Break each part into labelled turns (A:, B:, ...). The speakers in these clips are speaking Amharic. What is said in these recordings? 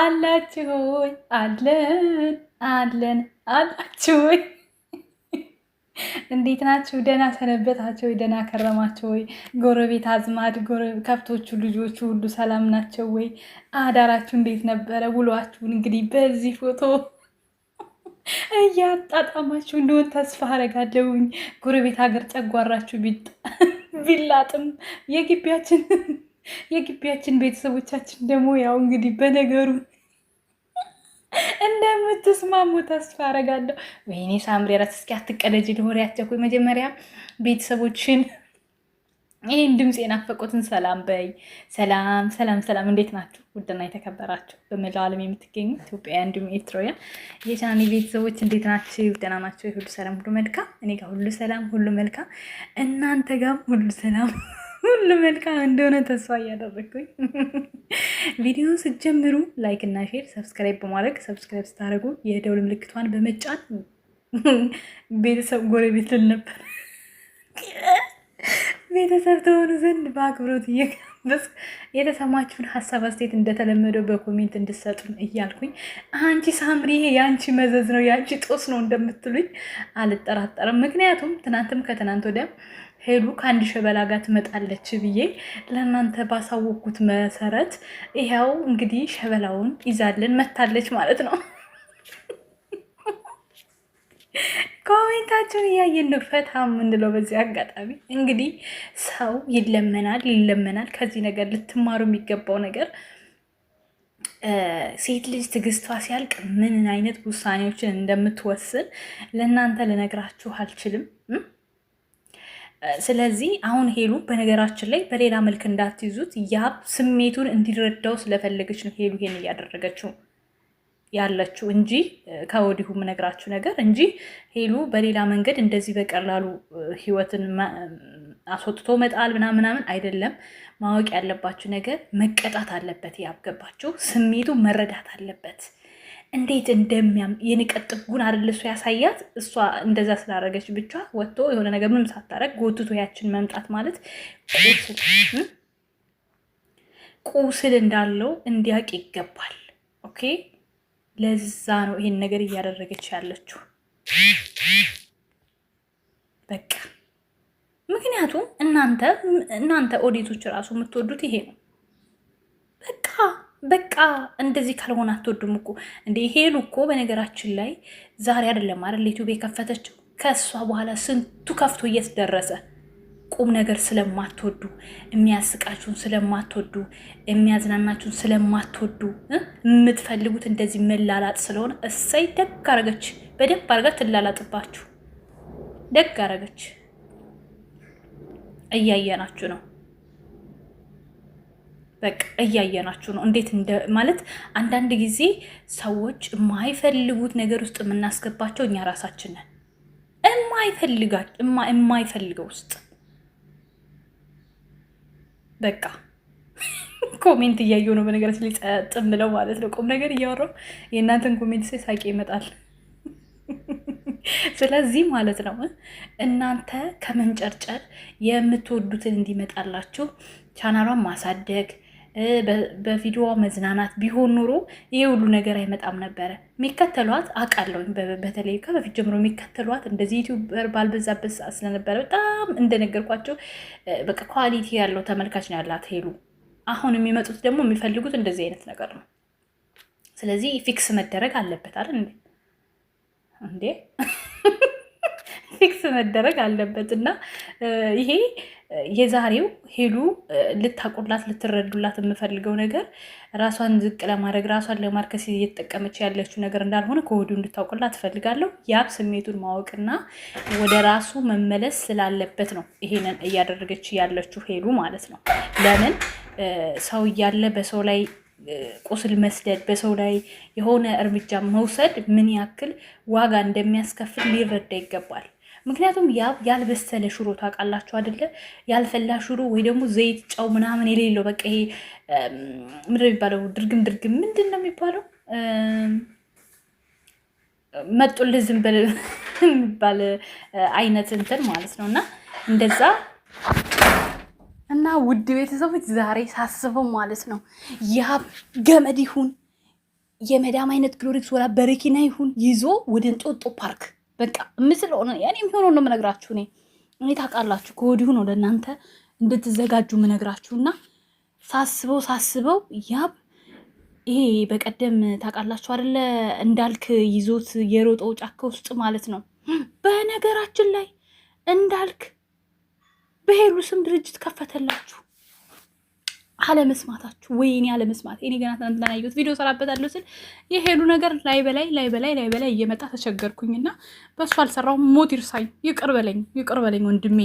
A: አላችሁ ሆይ አለን አለን አላችሁ ሆይ እንዴት ናችሁ? ደህና ሰነበታችሁ ወይ? ደህና ከረማችሁ ወይ? ጎረቤት አዝማድ፣ ከብቶቹ፣ ልጆቹ ሁሉ ሰላም ናቸው ወይ? አዳራችሁ እንዴት ነበረ? ውሏችሁን እንግዲህ በዚህ ፎቶ እያጣጣማችሁ እንደሆን ተስፋ አረጋለሁኝ። ጎረቤት ሀገር ጨጓራችሁ ቢላጥም የግቢያችን የግቢያችን ቤተሰቦቻችን ደግሞ ያው እንግዲህ በነገሩ እንደምትስማሙ ተስፋ አረጋለሁ። ወይኔ ሳምሪ ራስ እስኪ አትቀደጅ፣ ለሆሪ አትቸኩኝ። መጀመሪያ ቤተሰቦችን ይህን ድምፅ የናፈቁትን ሰላም በይ። ሰላም ሰላም ሰላም፣ እንዴት ናችሁ? ውድና የተከበራችሁ በመላው ዓለም የምትገኙ ኢትዮጵያ እንዲሁም ኤርትራውያን የቻኒ ቤተሰቦች እንዴት ናቸው? ደህና ናቸው? ሁሉ ሰላም ሁሉ መልካም፣ እኔ ጋር ሁሉ ሰላም ሁሉ መልካም፣ እናንተ ጋርም ሁሉ ሰላም ሁሉ መልካም እንደሆነ ተስፋ እያደረግኩኝ ቪዲዮ ስትጀምሩ ላይክ እና ሼር ሰብስክራይብ በማድረግ ሰብስክራይብ ስታደርጉ የደውል ምልክቷን በመጫን ቤተሰብ ጎረቤት ልል ነበር ቤተሰብ ተሆኑ ዘንድ በአክብሮት እየጋበዝ የተሰማችሁን ሀሳብ አስተያየት እንደተለመደው በኮሜንት እንድሰጡን እያልኩኝ አንቺ ሳምሪ ይሄ የአንቺ መዘዝ ነው የአንቺ ጦስ ነው እንደምትሉኝ አልጠራጠርም። ምክንያቱም ትናንትም ከትናንት ወዲያ ሄሉ ከአንድ ሸበላ ጋር ትመጣለች ብዬ ለእናንተ ባሳወቅኩት መሰረት ይኸው እንግዲህ ሸበላውን ይዛልን መታለች ማለት ነው። ኮሜንታችሁን እያየን ፈታ የምንለው በዚህ አጋጣሚ እንግዲህ ሰው ይለመናል ይለመናል። ከዚህ ነገር ልትማሩ የሚገባው ነገር ሴት ልጅ ትዕግስቷ ሲያልቅ ምን አይነት ውሳኔዎችን እንደምትወስን ለእናንተ ልነግራችሁ አልችልም። ስለዚህ አሁን ሄሉ በነገራችን ላይ በሌላ መልክ እንዳትይዙት ያ ስሜቱን እንዲረዳው ስለፈለገች ነው ሄሉ ይሄን እያደረገችው ያለችው እንጂ ከወዲሁ የምነግራችሁ ነገር እንጂ ሄሉ በሌላ መንገድ እንደዚህ በቀላሉ ህይወትን አስወጥቶ መጣል ምናምን ምናምን አይደለም። ማወቅ ያለባችሁ ነገር መቀጣት አለበት። ያገባችሁ ስሜቱ መረዳት አለበት። እንዴት እንደሚያም የንቀት ጥጉን አይደል እሱ ያሳያት። እሷ እንደዛ ስላደረገች ብቻ ወጥቶ የሆነ ነገር ምንም ሳታረግ ጎትቶ ያችን መምጣት ማለት ቁስል እንዳለው እንዲያውቅ ይገባል። ኦኬ፣ ለዛ ነው ይሄን ነገር እያደረገች ያለችው። በቃ ምክንያቱም እናንተ እናንተ ኦዲቶች እራሱ የምትወዱት ይሄ ነው በቃ በቃ እንደዚህ ካልሆነ አትወዱም እኮ እንደ ይሄን እኮ በነገራችን ላይ ዛሬ አይደለም አይደል ዩቲዩብ የከፈተችው። ከእሷ በኋላ ስንቱ ከፍቶ እየተደረሰ ቁም ነገር ስለማትወዱ የሚያስቃችሁን ስለማትወዱ የሚያዝናናችሁን ስለማትወዱ የምትፈልጉት እንደዚህ መላላጥ ስለሆነ እሰይ ደግ አረገች። በደንብ አርጋ ትላላጥባችሁ። ደግ አረገች። እያየናችሁ ነው። በቃ እያየናችሁ ነው እንዴት ማለት አንዳንድ ጊዜ ሰዎች የማይፈልጉት ነገር ውስጥ የምናስገባቸው እኛ ራሳችንን የማይፈልገው ውስጥ በቃ ኮሜንት እያየው ነው። በነገራችን ላይ ጸጥ ብለው ማለት ነው ቁም ነገር እያወራው የእናንተን ኮሜንት ሳይ ሳቄ ይመጣል። ስለዚህ ማለት ነው እናንተ ከመንጨርጨር የምትወዱትን እንዲመጣላችሁ ቻናሏን ማሳደግ በቪዲዮ መዝናናት ቢሆን ኑሮ ይሄ ሁሉ ነገር አይመጣም ነበረ። የሚከተሏት አውቃለሁ። በተለይ ከበፊት ጀምሮ የሚከተሏት እንደዚህ ዩቲዩበር ባልበዛበት ሰዓት ስለነበረ በጣም እንደነገርኳቸው በቃ ኳሊቲ ያለው ተመልካች ነው ያላት ሄሉ። አሁን የሚመጡት ደግሞ የሚፈልጉት እንደዚህ አይነት ነገር ነው። ስለዚህ ፊክስ መደረግ አለበት አይደል እንዴ? ፊክስ መደረግ አለበት እና ይሄ የዛሬው ሄሉ ልታቁላት ልትረዱላት የምፈልገው ነገር ራሷን ዝቅ ለማድረግ ራሷን ለማርከስ እየተጠቀመች ያለችው ነገር እንዳልሆነ ከወዲሁ እንድታውቁላት ትፈልጋለሁ። ያብ ስሜቱን ማወቅና ወደ ራሱ መመለስ ስላለበት ነው ይሄንን እያደረገች ያለችው ሄሉ ማለት ነው። ለምን ሰው እያለ በሰው ላይ ቁስል መስደድ በሰው ላይ የሆነ እርምጃ መውሰድ ምን ያክል ዋጋ እንደሚያስከፍል ሊረዳ ይገባል። ምክንያቱም ያ ያልበሰለ ሽሮ ታውቃላችሁ አደለ? ያልፈላ ሽሮ ወይ ደግሞ ዘይት፣ ጨው ምናምን የሌለው በቃ ይሄ ምንድን ነው የሚባለው? ድርግም ድርግም ምንድን ነው የሚባለው? መጡልህ ዝም የሚባል አይነት እንትን ማለት ነው እና እንደዛ እና ውድ ቤተሰቦች ዛሬ ሳስበው ማለት ነው ያ ገመድ ይሁን የመዳም አይነት ክሎሪክስ ወላ በረኪና ይሁን ይዞ ወደ እንጦጦ ፓርክ በቃ ምስል ሆነ ያኔ የሚሆነው ነው የምነግራችሁ። እኔ እኔ ታውቃላችሁ ከወዲሁ ነው ለእናንተ እንድትዘጋጁ የምነግራችሁና ሳስበው ሳስበው ያብ ይሄ በቀደም ታውቃላችሁ አይደለ እንዳልክ ይዞት የሮጠው ጫካ ውስጥ ማለት ነው። በነገራችን ላይ እንዳልክ በሄሉ ስም ድርጅት ከፈተላችሁ። አለመስማታችሁ። ወይኔ አለመስማት እኔ ገና ትናንትና ያየሁት ቪዲዮ ሰራበታለሁ ስል የሄዱ ነገር ላይ በላይ ላይ በላይ ላይ በላይ እየመጣ ተቸገርኩኝና በእሱ አልሰራው ሞት ይርሳኝ፣ ይቅር በለኝ፣ ይቅር በለኝ ወንድሜ።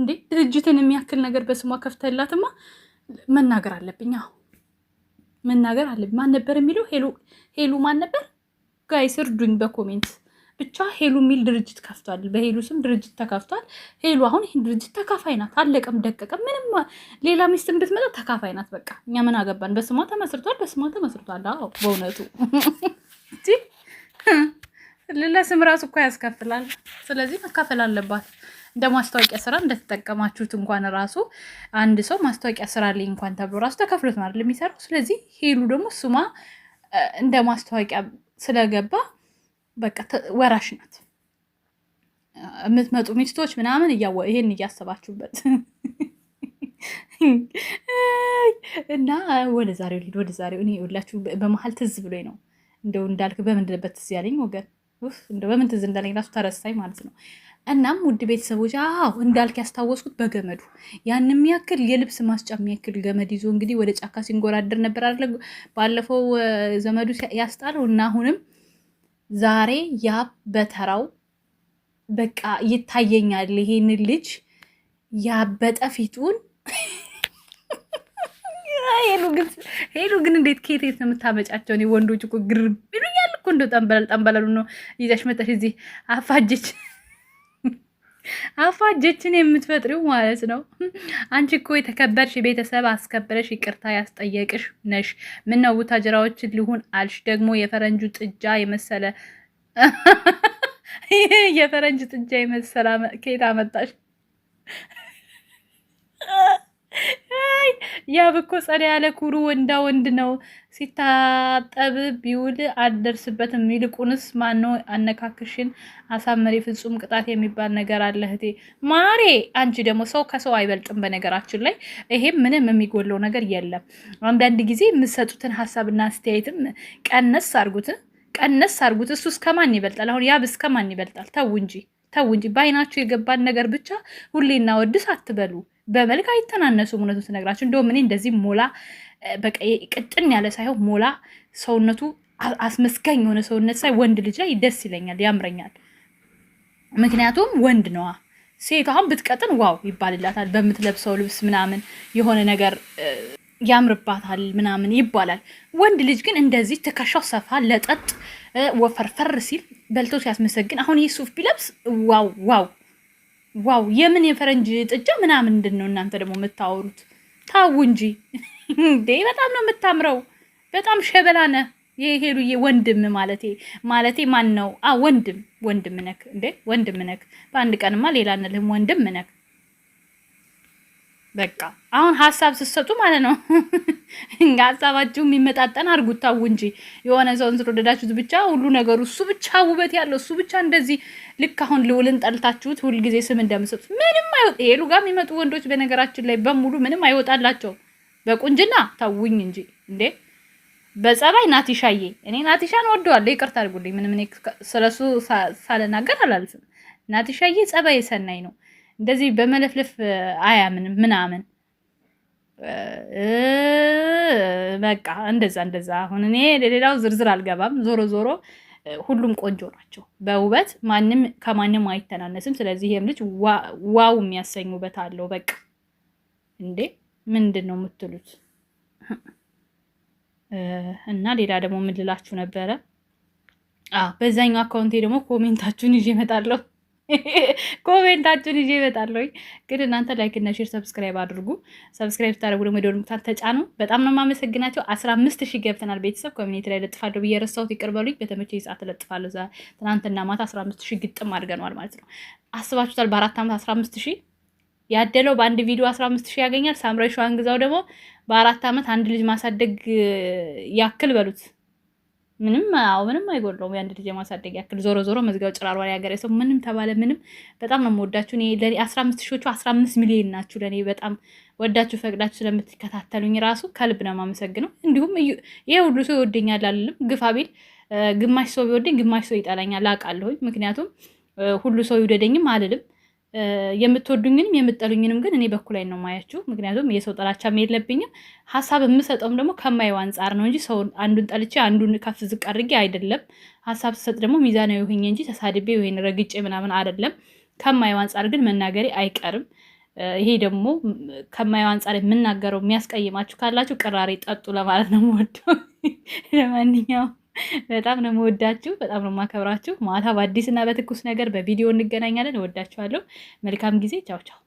A: እንዴ ድርጅትን የሚያክል ነገር በስሟ ከፍተላትማ መናገር አለብኝ። አዎ መናገር አለብኝ። ማን ነበር የሚለው ሄሉ ሄሉ ማን ነበር? ጋይስ እርዱኝ በኮሜንት ብቻ ሄሉ የሚል ድርጅት ከፍቷል። በሄሉ ስም ድርጅት ተከፍቷል። ሄሉ አሁን ይህን ድርጅት ተካፋይ ናት። አለቀም ደቀቀ። ምንም ሌላ ሚስት እንድትመጣ ተካፋይ ናት። በቃ እኛ ምን አገባን? በስሟ ተመስርቷል፣ በስሟ ተመስርቷል። አዎ በእውነቱ ለስም ራሱ እኮ ያስከፍላል። ስለዚህ መካፈል አለባት። እንደ ማስታወቂያ ስራ እንደተጠቀማችሁት እንኳን ራሱ አንድ ሰው ማስታወቂያ ስራ ላይ እንኳን ተብሎ ራሱ ተከፍሎት ነው የሚሰራው። ስለዚህ ሄሉ ደግሞ ስሟ እንደ ማስታወቂያ ስለገባ በቃ ወራሽ ናት። የምትመጡ ሚስቶች ምናምን እያወ ይሄን እያሰባችሁበት እና ወደ ዛሬው ልሂድ ወደ ዛሬው እኔ ሁላችሁ በመሀል ትዝ ብሎኝ ነው እንደው እንዳልክ በምን ትዝ ያለኝ ወገን እንደው በምን ትዝ እንዳለኝ ራሱ ተረሳኝ ማለት ነው። እናም ውድ ቤተሰቦች አዎ እንዳልክ ያስታወስኩት በገመዱ ያን የሚያክል የልብስ ማስጫ የሚያክል ገመድ ይዞ እንግዲህ ወደ ጫካ ሲንጎራደር ነበር አለ ባለፈው ዘመዱ ያስጣለው እና አሁንም ዛሬ ያብ በተራው በቃ ይታየኛል። ይሄን ልጅ ያበጠ ፊቱን ሄሉ ግን እንዴት ከየት የት ነው የምታመጫቸው? ወንዶች እኮ ግርም ይሉኛል እኮ እንደ ጠንበለል ጠንበለሉ ነው ይዛሽ መጣሽ እዚህ አፋጅች አፋጀችን የምትፈጥሪው ማለት ነው። አንቺ እኮ የተከበርሽ ቤተሰብ አስከብረሽ ይቅርታ ያስጠየቅሽ ነሽ። ምነው ቡታጅራዎች ልሁን አልሽ ደግሞ የፈረንጁ ጥጃ የመሰለ የፈረንጅ ጥጃ የመሰለ ከየት አመጣሽ? አይ ያብ እኮ ጸዳ ያለ ኩሩ ወንዳ ወንድ ነው። ሲታጠብ ቢውል አልደርስበትም። ይልቁንስ ማነው አነካክሽን አሳመሪ? ፍጹም ቅጣት የሚባል ነገር አለ እህቴ ማሬ። አንቺ ደግሞ ሰው ከሰው አይበልጥም። በነገራችን ላይ ይሄም ምንም የሚጎለው ነገር የለም። አንዳንድ ጊዜ የምሰጡትን ሀሳብና አስተያየትም ቀነስ አርጉትን ቀነስ አርጉት። እሱ እስከማን ይበልጣል? አሁን ያብ እስከማን ይበልጣል? ተው እንጂ ተው እንጂ። በአይናችሁ የገባን ነገር ብቻ ሁሌ እናወድስ አትበሉ። በመልክ አይተናነሱም። እውነቱን ስነግራቸው እንደውም እኔ እንደዚህ ሞላ በቃ ቅጥን ያለ ሳይሆን ሞላ ሰውነቱ አስመስጋኝ የሆነ ሰውነት ሳይ ወንድ ልጅ ላይ ደስ ይለኛል፣ ያምረኛል። ምክንያቱም ወንድ ነዋ። ሴቷም አሁን ብትቀጥን ዋው ይባልላታል። በምትለብሰው ልብስ ምናምን የሆነ ነገር ያምርባታል ምናምን ይባላል። ወንድ ልጅ ግን እንደዚህ ትከሻው ሰፋ ለጠጥ ወፈርፈር ሲል በልቶ ሲያስመሰግን፣ አሁን ይህ ሱፍ ቢለብስ ዋው ዋው ዋው የምን የፈረንጅ ጥጃ ምናምን ምንድን ነው እናንተ ደግሞ የምታወሩት? ታው እንጂ እንዴ! በጣም ነው የምታምረው። በጣም ሸበላ ነ የሄዱዬ ወንድም ማለቴ ማለቴ ማን ነው? ወንድም ወንድም ነክ እንዴ! ወንድም ነክ። በአንድ ቀንማ ሌላ እንልህም ወንድም ነክ። በቃ አሁን ሀሳብ ስትሰጡ ማለት ነው ሀሳባችሁ የሚመጣጠን አርጉታው እንጂ የሆነ ሰውን ስለወደዳችሁት ብቻ ሁሉ ነገሩ እሱ ብቻ ውበት ያለው እሱ ብቻ እንደዚህ ልክ አሁን ልውልን ጠልታችሁት ሁልጊዜ ስም እንደምሰጡት ምንም አይወጣ። ሄሉ ጋር የሚመጡ ወንዶች በነገራችን ላይ በሙሉ ምንም አይወጣላቸው በቁንጅና ታውኝ እንጂ እንዴ በጸባይ ናቲሻዬ እኔ ናቲሻን ወደዋለሁ። ይቅርታ አድርጉልኝ። ምንም እኔ ስለሱ ሳልናገር አላልፍም። ናቲሻዬ ጸባይ ሰናይ ነው። እንደዚህ በመለፍለፍ አያምንም ምናምን በቃ እንደዛ እንደዛ። አሁን እኔ ለሌላው ዝርዝር አልገባም። ዞሮ ዞሮ ሁሉም ቆንጆ ናቸው በውበት ማንም ከማንም አይተናነስም። ስለዚህ ይህም ልጅ ዋው የሚያሰኝ ውበት አለው። በቃ እንዴ ምንድን ነው የምትሉት? እና ሌላ ደግሞ ምን ነበረ? በዛኛው አካውንቴ ደግሞ ኮሜንታችሁን ይዤ እመጣለሁ። ኮሜንታችሁን ይዤ እመጣለሁ። ግን እናንተ ላይክ እና ሼር ሰብስክራይብ አድርጉ። ሰብስክራይብ ስታደርጉ ደግሞ የደወል ምልክቱን ተጫኑ። በጣም ነው የማመሰግናቸው። አስራ አምስት ሺህ ገብተናል። ቤተሰብ ኮሚኒቲ ላይ ለጥፋለሁ ብዬ ረሳሁት፣ ይቅርበሉኝ። በሉኝ። በተመቸኝ ሰዓት ለጥፋለሁ። ትናንትና ማታ አስራ አምስት ሺህ ግጥም አድርገነዋል ማለት ነው። አስባችሁታል? በአራት ዓመት አስራ አምስት ሺህ ያደለው በአንድ ቪዲዮ አስራ አምስት ሺህ ያገኛል። ሳምራዊ ሸዋንግዛው ደግሞ በአራት ዓመት አንድ ልጅ ማሳደግ ያክል በሉት ምንም አዎ ምንም አይጎድለውም። የአንድ ልጅ ማሳደግ ያክል ዞሮ ዞሮ መዝጋው ጭራሯ ሀገር ሰው ምንም ተባለ ምንም በጣም ነው የምወዳችሁ። ለእኔ አስራ አምስት ሺዎቹ አስራ አምስት ሚሊዮን ናችሁ። ለእኔ በጣም ወዳችሁ ፈቅዳችሁ ስለምትከታተሉኝ ራሱ ከልብ ነው የማመሰግነው። እንዲሁም ይህ ሁሉ ሰው ይወደኛል አልልም። ግፋ ቢል ግማሽ ሰው ቢወደኝ፣ ግማሽ ሰው ይጠላኛል አውቃለሁኝ። ምክንያቱም ሁሉ ሰው ይውደደኝም አልልም። የምትወዱኝንም የምጠሉኝንም ግን እኔ ላይ ነው ማያችሁ። ምክንያቱም የሰው ጥላቻም የለብኝም። ሀሳብ የምሰጠውም ደግሞ ከማየው አንጻር ነው እንጂ ሰው አንዱን ጠልቼ አንዱን ከፍ ዝቅ አድርጌ አይደለም። ሀሳብ ስሰጥ ደግሞ ሚዛናዊ ሆኜ እንጂ ተሳድቤ ወይን ረግጬ ምናምን አይደለም። ከማየው አንጻር ግን መናገሬ አይቀርም። ይሄ ደግሞ ከማየው አንጻር የምናገረው የሚያስቀይማችሁ ካላችሁ ቅራሬ ጠጡ ለማለት ነው የምወደው። ለማንኛውም በጣም ነው የምወዳችሁ፣ በጣም ነው የማከብራችሁ። ማታ በአዲስና በትኩስ ነገር በቪዲዮ እንገናኛለን። እወዳችኋለሁ። መልካም ጊዜ። ቻው ቻው።